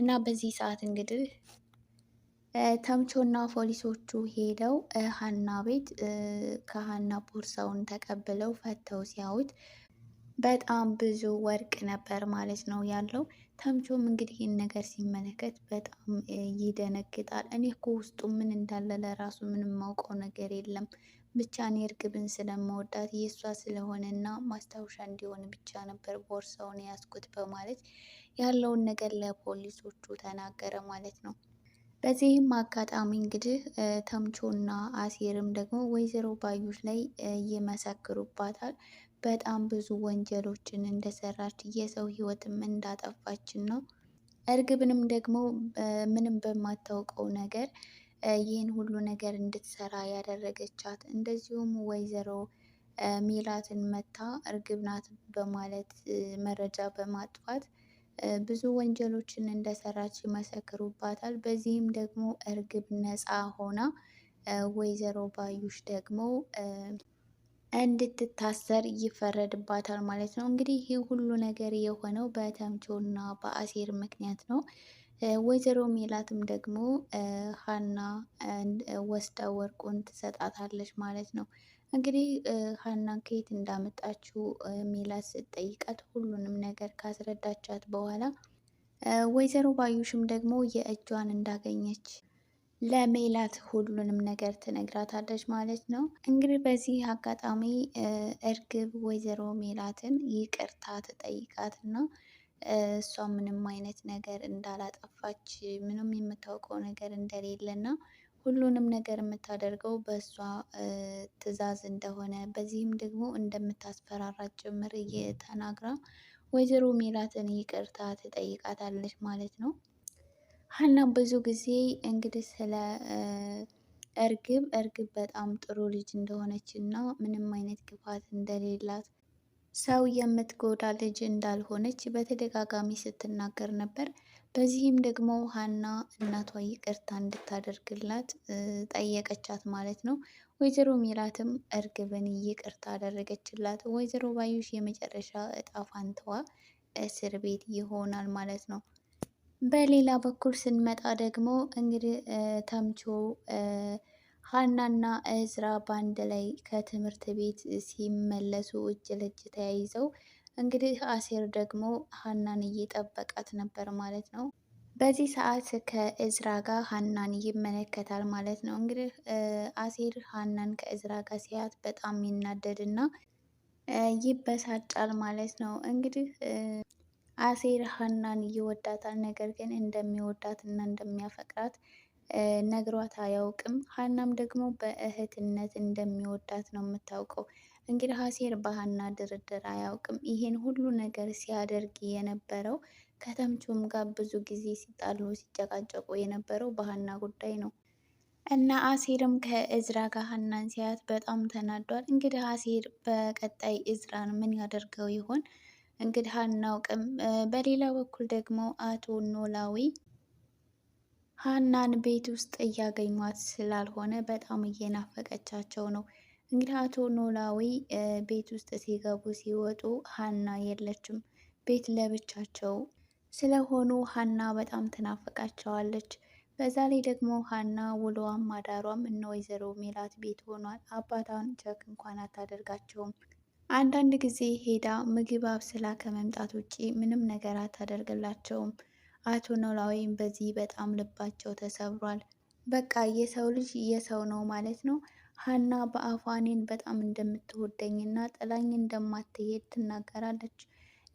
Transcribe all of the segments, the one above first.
እና በዚህ ሰዓት እንግዲህ ተምቾና ፖሊሶቹ ሄደው ሀና ቤት ከሀና ቦርሳውን ተቀብለው ፈተው ሲያዩት በጣም ብዙ ወርቅ ነበር ማለት ነው ያለው። ተምቾም እንግዲህ ይህን ነገር ሲመለከት በጣም ይደነግጣል። እኔ እኮ ውስጡ ምን እንዳለ ለራሱ ምንም ማውቀው ነገር የለም ብቻ እኔ እርግብን ስለመወዳት የእሷ ስለሆነ እና ማስታወሻ እንዲሆን ብቻ ነበር ቦርሳውን ያስኩት በማለት ያለውን ነገር ለፖሊሶቹ ተናገረ ማለት ነው። በዚህም አጋጣሚ እንግዲህ ተምቾና አሴርም ደግሞ ወይዘሮ ባዩሽ ላይ ይመሰክሩባታል። በጣም ብዙ ወንጀሎችን እንደሰራች የሰው ህይወትም እንዳጠፋችን ነው። እርግብንም ደግሞ ምንም በማታውቀው ነገር ይህን ሁሉ ነገር እንድትሰራ ያደረገቻት እንደዚሁም ወይዘሮ ሚላትን መታ እርግብ ናት በማለት መረጃ በማጥፋት ብዙ ወንጀሎችን እንደሰራች ይመሰክሩባታል። በዚህም ደግሞ እርግብ ነፃ ሆና ወይዘሮ ባዩሽ ደግሞ እንድትታሰር ይፈረድባታል ማለት ነው። እንግዲህ ይህ ሁሉ ነገር የሆነው በተምቾና በአሴር ምክንያት ነው። ወይዘሮ ሜላትም ደግሞ ሀና ወስደ ወርቁን ትሰጣታለች ማለት ነው። እንግዲህ ሀና ከየት እንዳመጣችው ሜላት ስትጠይቃት ሁሉንም ነገር ካስረዳቻት በኋላ ወይዘሮ ባዩሽም ደግሞ የእጇን እንዳገኘች ለሜላት ሁሉንም ነገር ትነግራታለች ማለት ነው። እንግዲህ በዚህ አጋጣሚ እርግብ ወይዘሮ ሜላትን ይቅርታ ትጠይቃት እና እሷ ምንም አይነት ነገር እንዳላጠፋች ምንም የምታውቀው ነገር እንደሌለ እና ሁሉንም ነገር የምታደርገው በእሷ ትዕዛዝ እንደሆነ በዚህም ደግሞ እንደምታስፈራራት ጭምር ተናግራ ወይዘሮ ሜላትን ይቅርታ ትጠይቃታለች ማለት ነው። ሀናም ብዙ ጊዜ እንግዲህ ስለ እርግብ እርግብ በጣም ጥሩ ልጅ እንደሆነች እና ምንም አይነት ክፋት እንደሌላት ሰው የምትጎዳ ልጅ እንዳልሆነች በተደጋጋሚ ስትናገር ነበር። በዚህም ደግሞ ሀና እናቷ ይቅርታ እንድታደርግላት ጠየቀቻት ማለት ነው። ወይዘሮ ሚራትም እርግብን ይቅርታ አደረገችላት። ወይዘሮ ባዩሽ የመጨረሻ እጣ ፋንታዋ እስር ቤት ይሆናል ማለት ነው። በሌላ በኩል ስንመጣ ደግሞ እንግዲህ ተምቾ ሀናና እዝራ በአንድ ላይ ከትምህርት ቤት ሲመለሱ እጅ ለእጅ ተያይዘው እንግዲህ አሴር ደግሞ ሀናን እየጠበቃት ነበር ማለት ነው። በዚህ ሰዓት ከእዝራ ጋር ሀናን ይመለከታል ማለት ነው። እንግዲህ አሴር ሀናን ከእዝራ ጋር ሲያት በጣም ይናደድና ይበሳጫል ማለት ነው እንግዲህ አሴር ሀናን ይወዳታል። ነገር ግን እንደሚወዳት እና እንደሚያፈቅራት ነግሯት አያውቅም። ሀናም ደግሞ በእህትነት እንደሚወዳት ነው የምታውቀው። እንግዲህ አሴር በሀና ድርድር አያውቅም። ይህን ሁሉ ነገር ሲያደርግ የነበረው ከተምቹም ጋር ብዙ ጊዜ ሲጣሉ ሲጨቃጨቁ የነበረው በሀና ጉዳይ ነው እና አሴርም ከእዝራ ጋር ሀናን ሲያያት በጣም ተናዷል። እንግዲህ አሴር በቀጣይ እዝራን ምን ያደርገው ይሆን? እንግዲህ አናውቅም። በሌላ በኩል ደግሞ አቶ ኖላዊ ሀናን ቤት ውስጥ እያገኟት ስላልሆነ በጣም እየናፈቀቻቸው ነው። እንግዲህ አቶ ኖላዊ ቤት ውስጥ ሲገቡ ሲወጡ ሀና የለችም። ቤት ለብቻቸው ስለሆኑ ሀና በጣም ትናፈቃቸዋለች። በዛ ላይ ደግሞ ሀና ውሎዋም አዳሯም እነ ወይዘሮ ሜላት ቤት ሆኗል። አባቷን ቸክ እንኳን አታደርጋቸውም። አንዳንድ ጊዜ ሄዳ ምግብ አብስላ ከመምጣት ውጪ ምንም ነገር አታደርግላቸውም። አቶ ኖላዊም በዚህ በጣም ልባቸው ተሰብሯል። በቃ የሰው ልጅ የሰው ነው ማለት ነው። ሀና በአፏ እኔን በጣም እንደምትወደኝና ጥላኝ እንደማትሄድ ትናገራለች።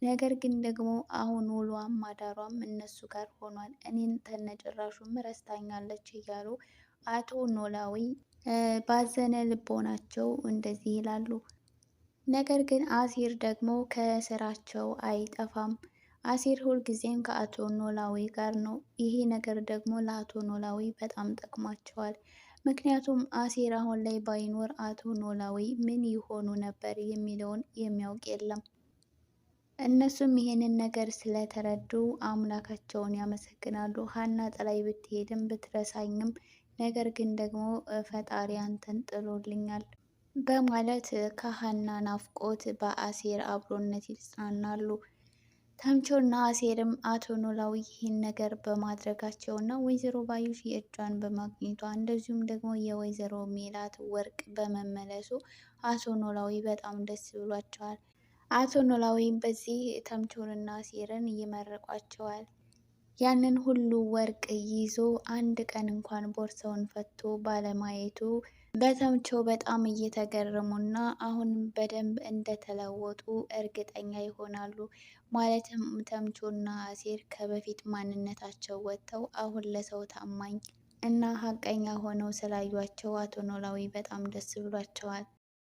ነገር ግን ደግሞ አሁን ውሏም ማዳሯም እነሱ ጋር ሆኗል። እኔን ተነጭራሹም ረስታኛለች እያሉ አቶ ኖላዊ ባዘነ ልቦናቸው እንደዚህ ይላሉ። ነገር ግን አሲር ደግሞ ከስራቸው አይጠፋም። አሲር ሁልጊዜም ከአቶ ኖላዊ ጋር ነው። ይሄ ነገር ደግሞ ለአቶ ኖላዊ በጣም ጠቅሟቸዋል። ምክንያቱም አሲር አሁን ላይ ባይኖር አቶ ኖላዊ ምን ይሆኑ ነበር የሚለውን የሚያውቅ የለም። እነሱም ይሄንን ነገር ስለተረዱ አምላካቸውን ያመሰግናሉ። ሀና ጥላይ ብትሄድም ብትረሳኝም ነገር ግን ደግሞ ፈጣሪ አንተን ጥሎልኛል በማለት ከሀና ናፍቆት በአሴር አብሮነት ይጽናናሉ። ተምቾና አሴርም አቶ ኖላዊ ይህን ነገር በማድረጋቸው እና ወይዘሮ ባዩሽ የእጇን በማግኘቷ እንደዚሁም ደግሞ የወይዘሮ ሜላት ወርቅ በመመለሱ አቶ ኖላዊ በጣም ደስ ብሏቸዋል። አቶ ኖላዊም በዚህ ተምቾንና አሴርን ይመርቋቸዋል። ያንን ሁሉ ወርቅ ይዞ አንድ ቀን እንኳን ቦርሳውን ፈቶ ባለማየቱ በተምቾ በጣም እየተገረሙና አሁን በደንብ እንደተለወጡ እርግጠኛ ይሆናሉ። ማለትም ተምቾና አሴር ከበፊት ማንነታቸው ወጥተው አሁን ለሰው ታማኝ እና ሀቀኛ ሆነው ስላዩቸው አቶ ኖላዊ በጣም ደስ ብሏቸዋል።